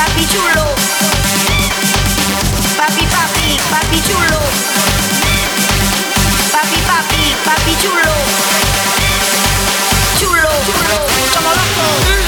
papi chulo. Papi, papi, papi chulo. Papi, papi, papi chulo. Chulo, chulo,